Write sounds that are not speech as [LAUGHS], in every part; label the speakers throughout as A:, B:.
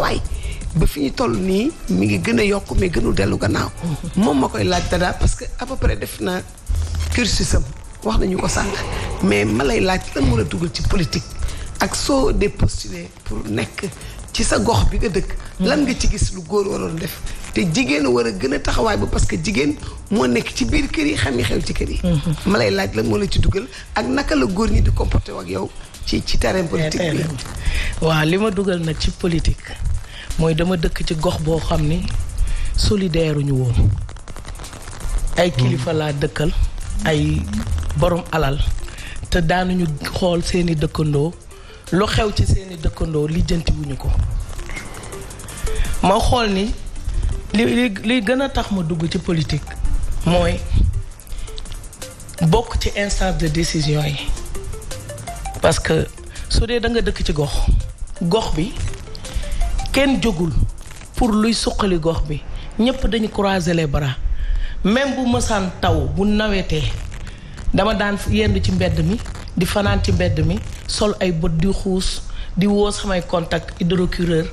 A: waawaay ba fi ñu toll nii mi ngi gën a yokk mais gënul dellu gannaaw. moom ma koy laaj dada parce que à peu près def na cursusam wax nañu ko sànq mais ma lay laaj lan moo la dugal ci politique ak soo dee postuler pour nekk ci sa gox bi nga dëkk. lan nga ci gis lu góor waroon def. te jigéen war a gën a taxawaay ba parce que jigéen moo nekk ci biir kër yi xam yi xew ci kër yi. Mhm. ma lay laaj lan moo la ci dugal ak naka la góor ñi di comporté ak yow ci ci terrain politique
B: li ma dugal nag ci politique. mooy dama dëkk ci gox boo xam ni solidaire ñu woon ay hmm. kilifa laa dëkkal ay borom alal te daanuñu xool seeni dëkkandoo lu xew ci seeni dëkkandoo lijjantiwuñu ko ma xool ni li li li gën a tax ma dugg ci politique mooy bokk ci instance de décision yi parce que su dee da nga dëkk ci gox gox bi kenn jógul pour luy suqali gox bi ñëpp dañu croiser les bras même bu mësaan taw bu nawetee dama daan yend ci mbedd mi di fanaan ci mbedd mi sol ay bët di xuus di woo samay contact hydrocureur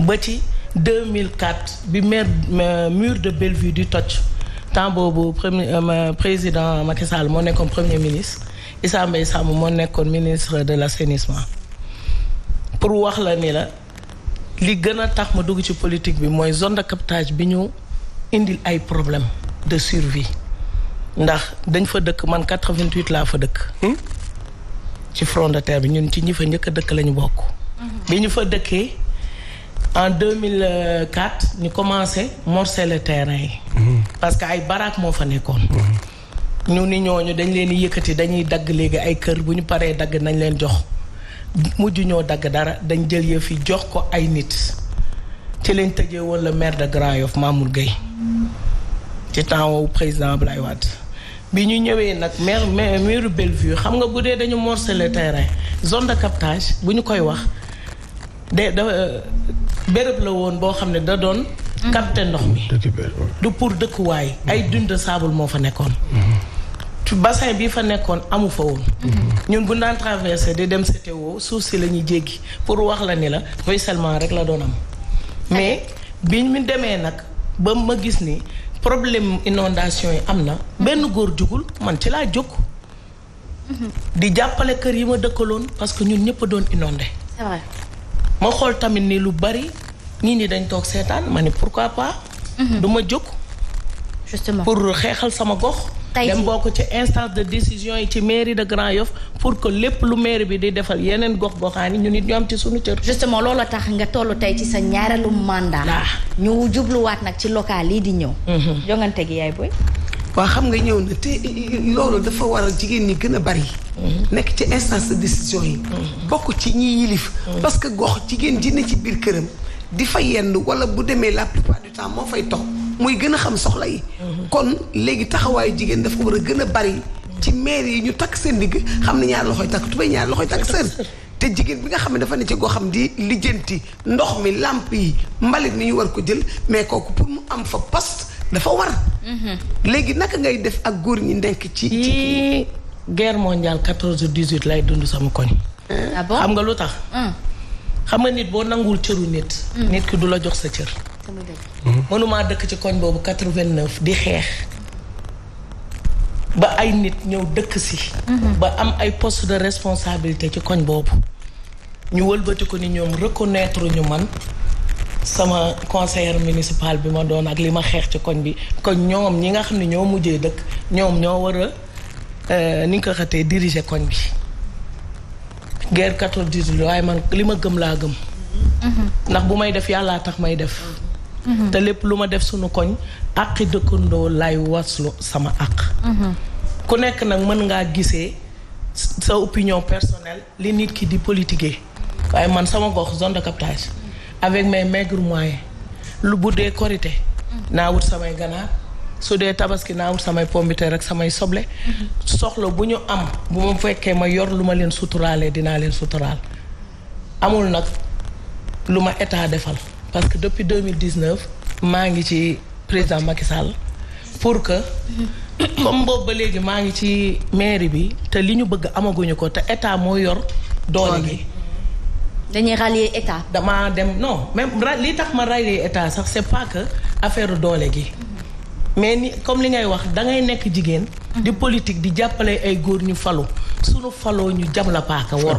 B: ba ci 2004 bi maire euh, mur de Bellevue di toj temps boobu premier euh, président Macky Sall moo nekkoon premier ministre Issa Mbaye Samb moo nekkoon ministre de l'assainissement pour wax la ni la li gën a tax ma dugg ci politique bi mooy zone de captage bi ñu indi ay problème de survie ndax dañ fa dëkk man 88 laa fa dëkk. Hmm? ci front de terre bi ñun ci ñu fa njëkk dëkk lañu bokk. Mhm. bi ñu fa dëkkee en 2004 ñu commencé morceler terrain yi. Hmm. parce que ay baraak moo fa nekkoon. Hmm. ñu ni ñooñu dañ leen di yëkkati dañuy dagg léegi ay kër bu ñu paree dagg nañ leen jox. mujj ñoo dagg dara dañ jël yëf yi jox ko ay nit ci lañ tëjee woon le maire de Grand Yoff Mamour Gueye ci temps woowu président Abdoulaye Wade bi ñu ñëwee nag maire maire mairu Bellevue xam nga bu dee dañu morcelé terrain zone de captage bu ñu koy wax de da béréb la woon boo xam ne da doon capter ndox mi du pour dëkkuwaay ay dune de moo fa nekkoon mhm. bassin bi fa nekkoon amu fa woon. Mhm. ñun bu daan traversé di dem CTO suuf si la ñuy jéggi pour wax la ni la ruissellement rek la doon am. mais bi mu demee nag ba ma gis ni problème inondation yi am na. Mhm. benn góor jugul man ci laa jóg. Mhm. di jàppale kër yi ma dëkkaloon parce que ñun ñëpp doon inondé. ma xool tamit ni lu bari nit ñi dañ toog seetaan ma ni pour pas. du ma jóg. justement pour xeexal sama gox. tey dem mbokk ci instance de décision yi ci mairie de Grand Yoff pour que lépp lu mairie bi di defal yeneen gox goxaan yi ñu nit ñoom ci suñu cër. justement loolu
C: tax nga tollu tey ci sa ñaareelu mandat. Ah. ñu jubluwaat nag ci local yi di ñëw. Mhm. jongante gi yaay booy.
A: waa xam nga ñëw na te loolu dafa a jigéen ñi gën a bari. Mhm. nekk ci instance de décision yi. Mhm. bokk ci ñi yilif. parce que gox jigéen ji ne ci biir këram. di fa yendu wala bu demee la plupart du temps moo fay toog. muy gën a xam soxla yi. kon léegi taxawaayu jigéen dafa war a gën a bari. ci maire yi ñu takk seen digg xam ne ñaar loxo tax tubéy ñaar loxoy takk sër. te jigéen bi nga xam ne dafa ne ci goo xam di lijjanti ndox mi làmp yi mbalit mi war ko jël mais kooku pour mu am fa poste dafa war. léegi naka ngay def ak góor ñi ndenk ci ci guerre mondiale 14
B: 18 lay dund sama koñ. Ah xam nga lu tax. xam nga nit boo nanguwul cëru nit. nit ki du la jox sa cër.
D: Mm-hmm.
B: mënumaa dëkk ci koñ boobu 89 di xeex ba ay nit ñëw dëkk si mm-hmm. ba am ay post de responsabilité ci koñ boobu ñu wëlbati ko ni ñoom reconnaître ñu man sama conseillère municipal bi ma doon ak li ma xeex ci koñ bi koñ ñoom ñi nga xam ne ñoo mujjee dëkk ñoom ñoo war a euh, ni nga ko xatee diriger koñ bi guerre 98 waaye man li ma gëm laa gëm
C: mm-hmm.
B: ndax bu may def yàllaa tax may def Mm-hmm. te lépp lu ma def suñu koñ àqi dëkkandoo lay waslu sama àq mm-hmm. ku nekk nag mën ngaa gisee sa opinion personnelle li nit ki di politiquer waaye man sama gox zone de captage avec mais maigres moyens lu bu dee korite mm-hmm. naa wut samay ganaar su dee tabaski naa wut samay pombiteer rek samay soble soxla bu ñu am bu ma fekkee ma yor lu ma leen suturaalee dinaa leen suturaal amul nag lu ma état defal parce que depuis 2019 maa ngi ci président Macky Sall pour que [COUGHS] comme boobu ba léegi maa ngi ci mairie bi te li ñu bëgg amaguñu ko te état moo yor doole gi
C: dañuy rallier état.
B: damaa dem no même li tax ma rallier état sax c'est pas affaire doole gi mais ni comme li ngay wax da ngay nekk jigéen. di politique di jàppale ay góor ñu falu sunu faloo ñu jam la paaka wor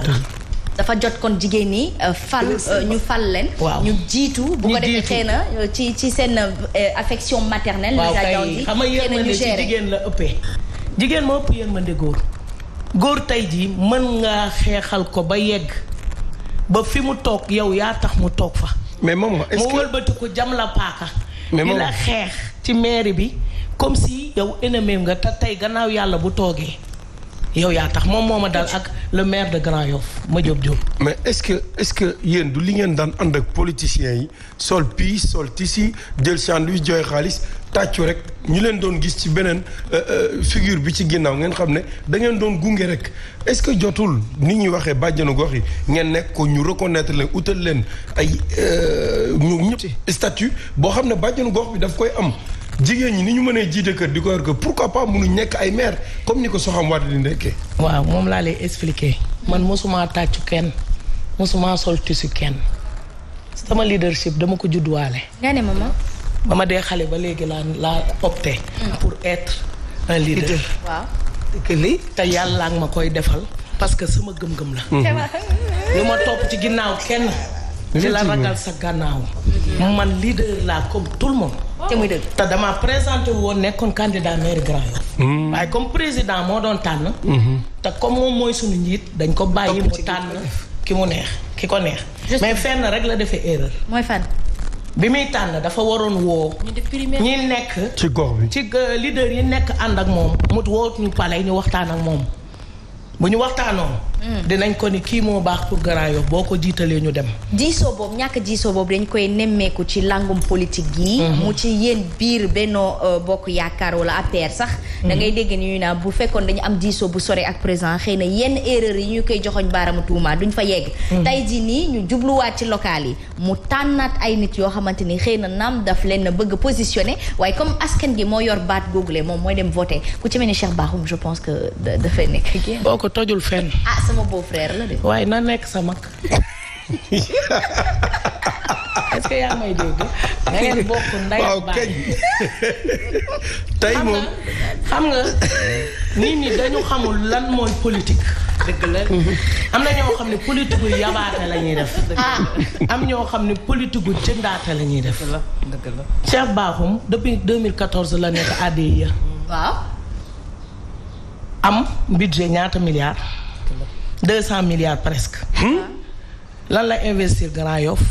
C: dafa jot kon jigéen ñi euh, fal euh, ñu fal leen ñu jiitu bu ko defee xëy na ci ci seen euh, affection maternelle waaw kay xam nga
B: yërmande ci jigéen la ëppee jigéen ma ëpp de góor góor tey ji mën nga xeexal ko ba yegg ba fi mu toog yow yaa tax mu toog fa mais moom est-ce que mu wëlbati jam la paaka di la xeex ci mairie bi comme si yow ennemi nga te tey gannaaw yàlla bu toogee yow yaa tax moom moom ma dal ak le maire de Grand Yoff ma Diop Diop. mais est ce que est ce que yéen du li ngeen daan ànd ak politiciens yi sol pii sol tisi jël sandwich jooy xaalis tàccu rek ñu leen doon gis ci beneen euh, euh, figure bi ci ginnaaw ngeen xam ne da ngeen doon gunge rek est ce que jotul ni ñuy waxee bàjjenu gox yi ngeen nekk ko ñu reconnaître leen utal leen ay euh, ñu ñëpp statut boo xam ne bàjjanu gox bi daf koy am. jigéen ñi ni ñu mënee jiite kër di ko yor kër pourquoi pas mënuñ nekk ay maire comme ni ko Soham Wardini di nekkee. waaw moom laa lay expliquer man mosuma tàccu kenn mosuma sol tissu kenn sama leadership dama ko judduwaale. nga ne ba ma dee xale ba léegi laa laa opté. Hmm. pour être un leader. li te yàlla nga ma koy defal parce que sama gëm-gëm la.
C: lu ma topp ci
B: ginnaaw kenn. di la ragal sa gànnaaw man leader laa comme tout le monde. Oh. te muy dëgg te damaa présenté woon nekkoon candidat maire Grand Yoff. Hmm. waaye comme président moo doon tànn. Hmm. te comme moom mooy suñu njiit dañ ko bàyyi mu tànn ki mu neex ki ko neex. mais fenn rek la defe erreur. mooy fan. bi muy tànn dafa waroon woo. ñi nekk. ci gox bi ci euh, leader yi nekk ànd ak moom. mu wootu ñu pale ñu waxtaan ak moom bu ñu waxtaanoo Mm. dinañ ko ni kii moo baax pour Grand Yoff boo ko jiitalee ñu dem.
C: diisoo boobu ñàkk diisoo boobu dañ koy nemmeeku ci langum politique yi. Mm-hmm. mu ci yéen biir Benno euh, Bokk Yaakaar wala APR sax. Mm-hmm. da ngay dégg ni ñu naan bu fekkoon dañu am diisoo bu sore ak président xëy na yenn erreur yi ñu koy joxoñ baaramu tuuma duñ fa yegg. Mm-hmm. tey jii nii ñu jubluwaat ci local yi mu tànnaat ay nit yoo xamante ni xëy na naam daf leen bëgg positionné waaye comme askan gi moo yor baat googule moom mooy dem voté ku ci mel ni Cheikh Bakhoum je pense que dafay nekk. boo ko tojul fenn. Ah, sama beau frère waaye na nekk sa mag. [LAUGHS]
B: est-ce que yaa may dégg. na bokk ndey ak [LAUGHS] tey moom xam nga nit ñi dañu xamul lan mooy politique. dëgg la am na ñoo xam ne politique yabaate la ñuy def. Ah. am ñoo xam ne politique gu jëndaate la ñuy def. la dëgg la Cheikh Bakhoum depuis 2014 la nekk ADIA. waaw. am budget ñaata milliards. deux cent milliards presque. lan la investir Grand Yoff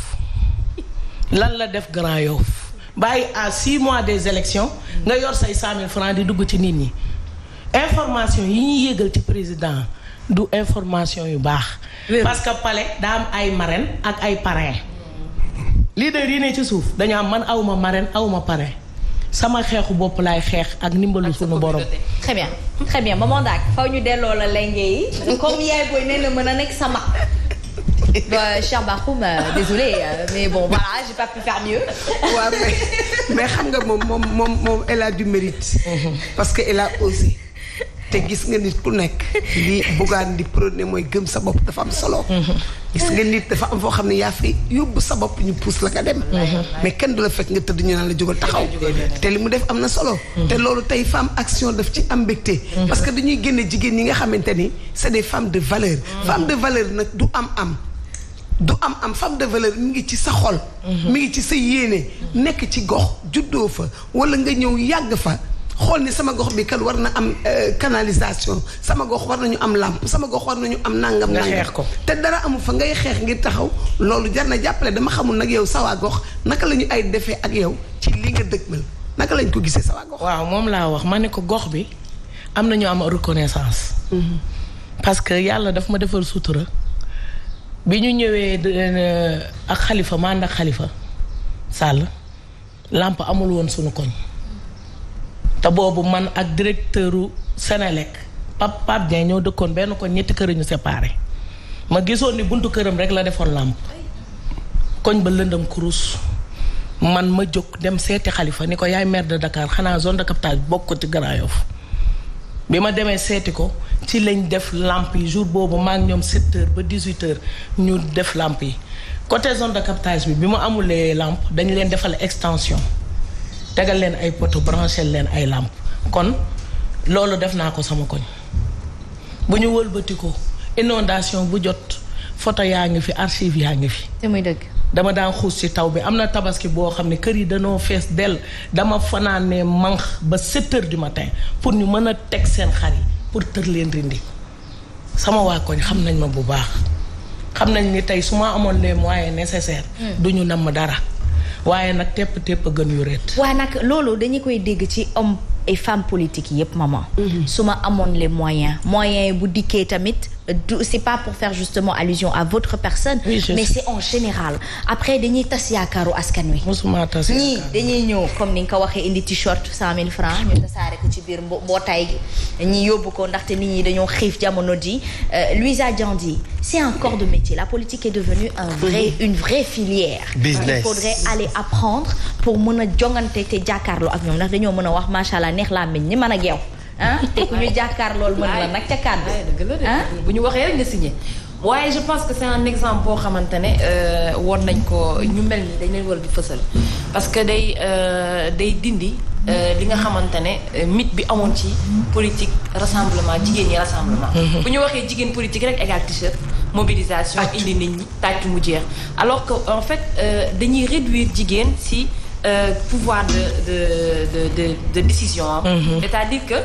B: lan la def Grand Yoff bàyyi à six mois des élections nga yor say cent mille francs di dugg ci nit ñi information yi ñuy yëgal ci président du information yu baax. parce que palais daa am ay marraines ak ay parrains. leader yi ne ci suuf dañoo am man awma marraine awma parrain sama xeexu bopp laay xeex ak ndimbalu sunu borom.
C: très bien très bien maman Ndak faw ñu delloo la lenge yi [LAUGHS] comme yaay booy nee na mën a nekk sama. cher Bakhoum euh, désolé euh, mais bon j'ai pas pu faire mieux. waaw
A: mais xam nga moom moom moom moom elle a du mérite. [LAUGHS] parce que elle a osé. te gis nga nit ku nekk li buggaan di problème mooy gëm sa bopp dafa am solo gis nga nit dafa am foo xam ne yaa fi yóbbu sa bopp ñu pouse la nga dem mais kenn du la fekk nga tëdd ñu naan la jógal taxaw te li mu def am na solo te loolu tey femme action def ci am mbégte parce que dañuy génne jigéen ñi nga xamante ni c'est des femmes de valeur femme de valeur nag du am am du am am femme de valeur mi ngi ci sa xol mi ngi ci sa yéene nekk ci gox juddoo fa wala nga ñëw yàgg fa xool ni sama gox bi kat war na am euh, canalisation sama gox war nañu am làmp sama gox war nañu am nangam nangam ko te dara amu fa ngay xeex ngir taxaw loolu jar na jàppale dama xamul nag yow sa waa gox naka la ñu ay defee ak yow ci li nga dëgmal naka lañ ko gisee sa waa gox waaw moom
B: laa wax ma ne ko gox bi am na ñu am reconnaissance mhm. parce que yàlla daf ma defar sutura bi ñu ñëwee euh, ak xalifa ma xalifa Sall làmp amul woon suñu koñ te boobu man ak directeuru Senelec Pape Pape Dieng ñoo dëkkoon benn ko ñetti kër ñu séparé ma gisoon ni buntu këram rek la defoon làmp koñ ba lëndam kurus man ma jóg dem seeti xalifa ni ko yaay maire de Dakar xanaa zone de captage bokk ci Grand Yoff bi ma demee seeti ko ci lañ def làmp yi jour boobu maa ngi ñoom septeur ba 18 heures ñu def làmp yi côté zone de captage bi bi mu amulee làmp dañu leen defal extension tegal leen ay poto branché leen ay làmp kon loolu def naa ko sama koñ bu ñu wëlbati inondation bu jot photo yaa ngi fi archive yaa ngi fi. te dama daan xuus ci taw bi am na tabaski boo xam ne kër yi danoo fees dell dama fanaanee manq ba 7 heures du matin pour ñu mën a teg seen xar yi pour tër leen rindi sama waa koñ xam nañ ma bu baax xam nañ ni tey su ma amoon leen moyens nécessaires. Hmm. du ñu namm dara. waaye nag tepp tepp a gën yu ret
C: waaye nag loolu dañu koy dégg ci homme et femme politique yépp maman. Mhm. su ma amoon le moyens moyen yi bu dikkee tamit du c'est pas pour faire justement allusion à votre personne. Oui, mais c'est en général après dañuy tas yaakaaru askan wi. mosuma tas yaakaar ñii dañuy ñëw comme ni nga ko waxee indi t-shirt cent mille francs ñu tasaare ko ci biir mbo mbootaay gi ñi yóbbu ko ndaxte nit ñi dañoo xiif jamono ji euh, Louisa Diandi c'est un corps de métier la politique est devenue un vrai une vraie filière. business il faudrait aller apprendre pour mën a jongante te jàkkaarloo ak ñoom ndax dañoo mën a wax macha allah neex
D: laa meññ ni man ak ah te ku ñu jàkkaar loolu mën la nag ca kàddu ah bu ñu waxee rek nga signé waaye je pense que c'est un exemple boo xamante ne euh, woon nañ ko ñu mel ni dañ leen war di fësal parce que day euh, day dindi euh, li nga xamante ne mythe bi amoon ci politique rassemblement jigéen ñi rassemblement mhm. bu ñu waxee jigéen politique rek égal t-shirt mobilisation indi nit ñi tàcc mu jeex alors que en fait dañuy réduire jigéen si Euh, pouvoir de de de de de décision am. Mhm. dire que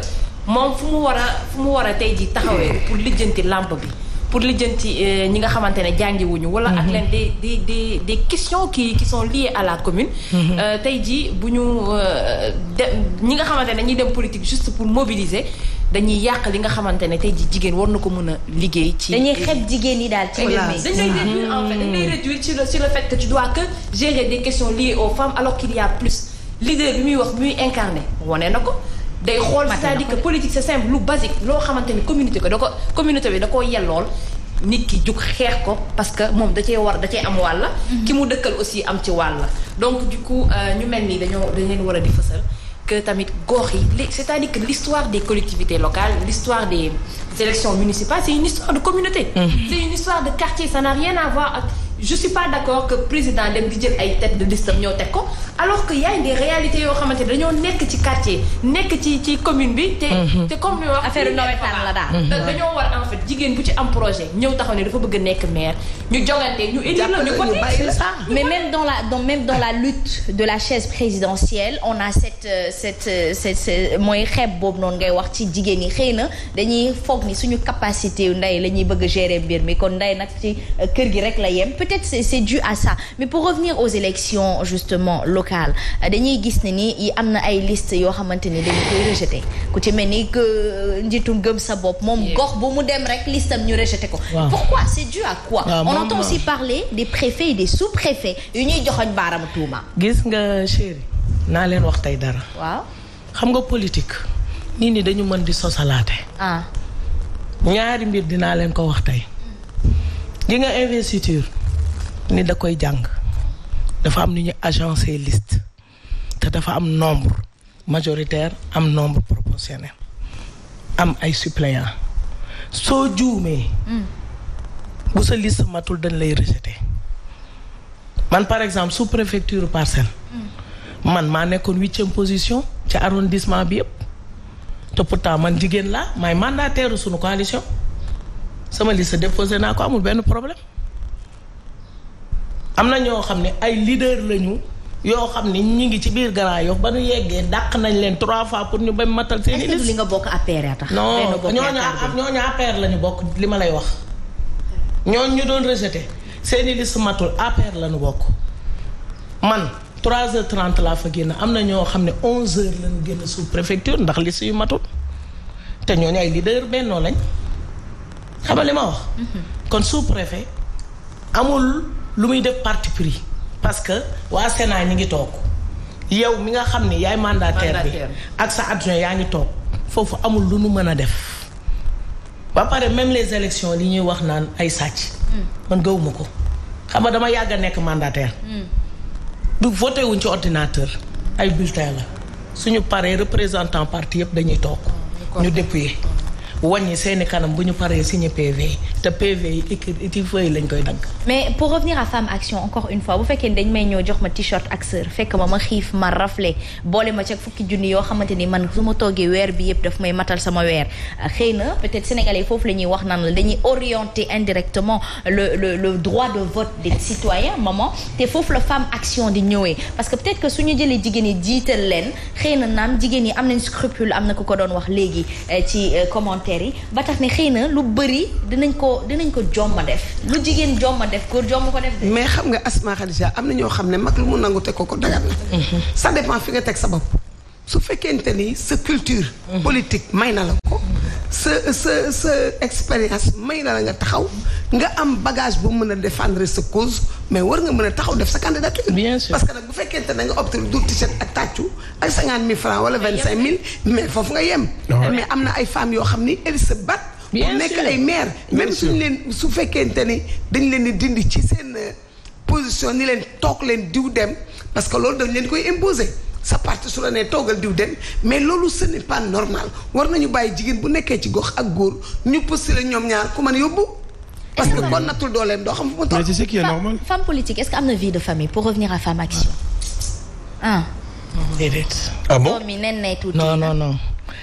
D: moom fu mu war a fu mu war a tey jii taxawee mm-hmm. pour lijjanti làmp bi pour lijjanti euh, ñi nga xamante ne jàngiwuñu. wala ak mm-hmm. leen des des des des questions qui qui sont à la commune. Mm-hmm. Euh, tey jii bu ñu euh, de ñi nga xamante na ñuy dem politique juste pour mobiliser. dañuy yàq li nga xamante ne tey ji jigéen war na ko mën a liggéey ci dañuy xeeb jigéen yi daal ci dañ lay réduire en fait dañ lay réduire sur que tu dois que gérer des questions liées aux femmes alors qu'il y plus leader bi muy wax muy incarné wane na ko day xool c'est-à-dire que politique c'est simple lu basi loo xamante ni communauté ko da ko communauté bi da ko yellool nit ki jug xeex ko parce que moom da cee war da cee am wàll. Mhm. ki mu dëkkal aussi am ci wàll. donc du euh, ñu mel nii dañoo dañ leen war a di fësal. que tamit gox yi li c'est-à-dire que l'histoire des collectivités locales l'histoire des élections municipales c'est une histoire de communauté mm-hmm. c'est une histoire de quartier ça n'a rien à voir ak je suis pas d'accord que président dem di jël ay tête de liste ñoo teg ko alors que y a des réalités yoo xamante ne dañoo nekk ci quartier nekk ci ci commune bi. te mhm. te comme li wax affaire nawetaan la daal. Mhm. dañoo war en fait jigéen bu ci am projet ñëw taxaw ne dafa bëgg a nekk maire ñu jogante ñu indi la ñu voté la
C: dans même dans la lutte de la chaise présidentielle on a cette euh, cette euh, euh, mooy xeeb boobu noonu ngay wax ci jigéen ñi xëy na dañuy foog ni suñu capacité nday la ñuy bëgg a gérer mbir mi kon nday nag ci kër gi rek la yem. peut-être c'est c'est dû à ça mais pour revenir aux élections justement locales euh, dañuy gis ne ni yi am na ay liste yoo xamante ni dañu koy rejeté ku ci mel ni que euh, njiitu gëm sa bopp moom gox bu mu dem rek listam ñu rejeté ko pourquoi c'est dû à quoi ah, on entend aussi parler des préfets et des sous-préfets yu ñuy joxoñ baaraam tuuma gis nga chéri naa leen wax tey dara waaw xam nga politique
B: nit ñi dañu mën di sosalaate ah. ñaari mbir dinaa leen ko wax tey di nga ni da koy jàng dafa am ni ñu agencé list te dafa am nombre majoritaire am nombre proportionnel am ay suppléant soo juumee hmm. bu sa liste matul dañ lay rejeté man par exemple sous préfecture parcelle hmm. man maa nekkoon huitième position ci arrondissement bi yëpp te pourtant man jigéen laa maay mandataire suñu coalition sama liste déposé naa ko amul benn problème am na ñoo xam ne ay leader lañu yoo xam ne ñi ngi ci biir Grand Yoff ba nu yeggee dàq nañ leen trois fois pour ñu bañ matal seen i liste li nga
C: bokk APR a tax non ñooñu
B: ñooñu APR lañu li ma lay wax ñooñu ñu doon rejeté seen i liste matul APR lañu bokk man 3 heures 30 laa fa génn am na ñoo xam ne 11 heures lañu génn sous préfecture ndax liste yu matul te ñooñu ay leader bennoo lañ xam nga li ma wax mhm. kon sous préfet amul lu muy def parti pris parce que waa Sénat ñi ngi toog yow mi nga xam ni yaay mandataire bi ak sa adjoint yaa ngi toog foofu amul lu nu mën a def ba pare même les élections li ñuy wax naan ay sàcc hmm. man gëwuma ko xam nga dama yàgg a nekk mandataire hmm. du voté wuñ ci ordinateur ay bulletin la suñu paree représentant parti yëpp dañuy toog hmm, ñu dépouiller wàññi seeni kanam bu ñu paree signé PV te PV yi écrit feuille lañ koy dagg.
C: mais pour revenir à Femme Action encore une fois bu fekkee dañ may ñëw jox ma t-shirt ak sër fekk ma ma xiif ma rafle boole ma ca fukki junni yoo xamante ni man su ma toogee weer bi yëpp daf may matal sama weer xëy na peut-être sénégalais foofu la ñuy wax naan la dañuy orienter indirectement le le le droit de vote des citoyens maman te foofu la Femme Action di ñëwee parce que peut-être que suñu jëlee jigéen yi jiital leen xëy na naam jigéen yi am nañ scrupule am na ku ko doon wax léegi eh, ci eh, commentaire yi ba ko dinañ ko jomma def lu jigéen jomma def góor jomma ko def. mais xam nga Asma Khadija am na ñoo xam ne
A: mag lu mu nangu te ko ko dagat la. Mhm. ça dépend fi nga teg sa bopp. su fekkente ni sa culture. Mhm. politique may na la ko. sa sa sa expérience may na la nga taxaw nga am bagage bu mën a défendre sa cause mais war nga mën a taxaw def sa candidature. bien sûr que nag bu fekkente ne nga opté du t ak tàccu ak cinquante mille francs wala vingt cinq mille mais foofu nga yem. am na ay femmes yoo xam ni elles bien sûr nekk ay maire même suñu leen su fekkente ni dañ leen di dindi ci seen euh, position ni leen toog leen diw dem parce que loolu dañ leen koy imposer sa parti su la nee toogal diw dem mais loolu ce n'est pas normal war nañu bàyyi jigéen bu nekkee ci gox ak góor ñu postulé ñoom ñaar ku mën a yóbbu. parce que kon natul dooleem doo xam fu mu toll. mais c'est est
C: ce que am na vie de famille pour revenir a Femme Action. ah. ah.
B: déedéet. ah bon
C: mi nen nay tuuti. non non non.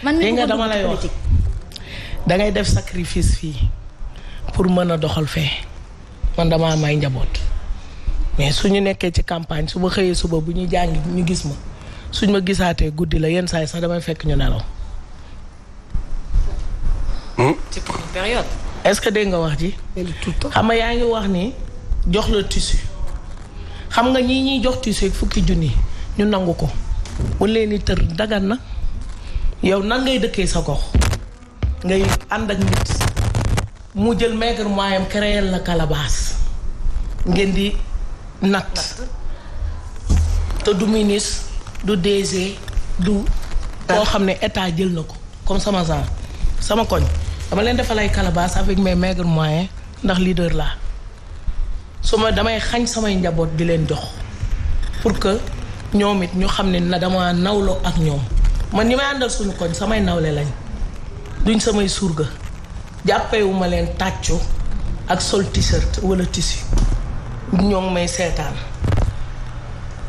C: man mi dama lay
B: da ngay def sacrifice fii pour mën a doxal fee man dama am ay njaboot mais su ñu nekkee ci campagne su ma xëyee suba bu ñuy jàngi ñu gis ma suñ ma gisaatee guddi la yenn saa yi sax damay fekk ñu nelaw. Hmm? ci période. est-ce que dégg nga wax ji. xam nga yaa ngi wax ni jox la tissu. xam nga ñii ñuy jox tissu fukki junni ñu nangu ko. wala ni tër dagan na yow nan ngay dëkkee sa gox. ngay ànd ak nit mu jël maigre moyen créer la calebasse ngeen di natt te du ministre du DG du koo xam ne état jël na ko comme sama genre sama koñ dama leen defal ay calebasse avec mais maigres moyens ndax leader laa su ma damay xañ samay njaboot di leen jox pour que ñoom it ñu xam ne na dama nawloo ak ñoom man ñi may àndal suñu koñ samay nawle lañ duñ samay surga jàppewuma leen tàccu ak sol t-shirt wala tissu ñoo may seetaan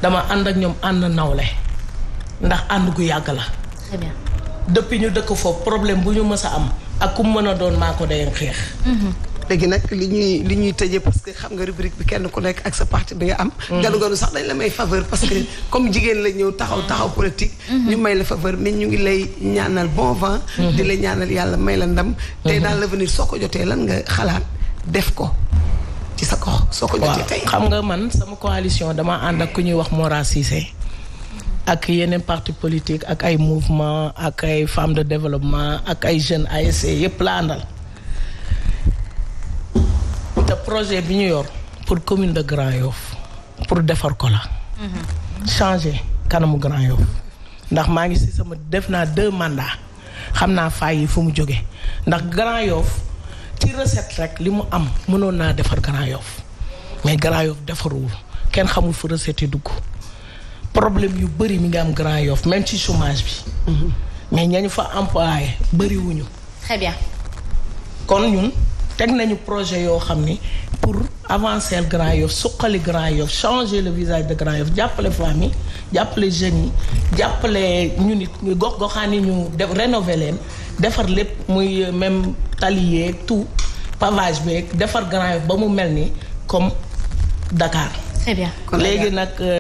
B: dama ànd ak ñoom ànd nawle ndax ànd gu yàgg la depuis ñu dëkk foofu problème bu ñu mës a am ak ku mën a doon maa ko dayan xeex
C: mm-hmm.
A: léegi nag li ñuy li ñuy tëjee parce que xam nga rubrique bi kenn ku nekk ak sa parti bi nga am. Mm. ganu ganu sax dañ la may faveur parce que [LAUGHS] comme jigéen la ñëw taxaw taxaw politique. Mm-hmm. ñu may la faveur mais ñu ngi lay ñaanal bon vent. Mm-hmm. di la ñaanal yàlla may la ndam. tey la mm-hmm. l'avenir soo ko jotee lan nga xalaat def ko. ci sa ko soo ko jotee tey xam
B: nga man sama coalition dama ànd ak ku ñuy wax Mora Cissé ak yeneen parti politique ak ay mouvement ak ay femmes de développement ak ay jeunes ASC yépp la àndal projet bi ñu yor pour commune de Grand Yoff pour defar ko la. changer kanamu Grand Yoff ndax maa ngi si sama def naa deux mandats xam naa faay yi mu jóge ndax Grand Yoff ci recette rek li mu am mënoon naa defar Grand Yoff mais Grand Yoff defaruwul kenn xamul fu recette yi problème yu bëri mi ngi am Grand Yoff même ci chômage bi mhm. mais ñañu fa employé bëriwuñu. très bien kon ñun. teg nañu projet yoo xam ni pour avancer le Grand Yoff suqali Grand Yoff changer le visage de Grand Yoff jàppale femmes yi jàppale jeunes yi jàppale ñu nit ñu gox goxaan ñu def rénover leen defar lépp muy euh, même tali yeeg tout pavage beeg defar Grand Yoff ba mu mel ni comme Dakar.
C: léegi nag.
A: Euh,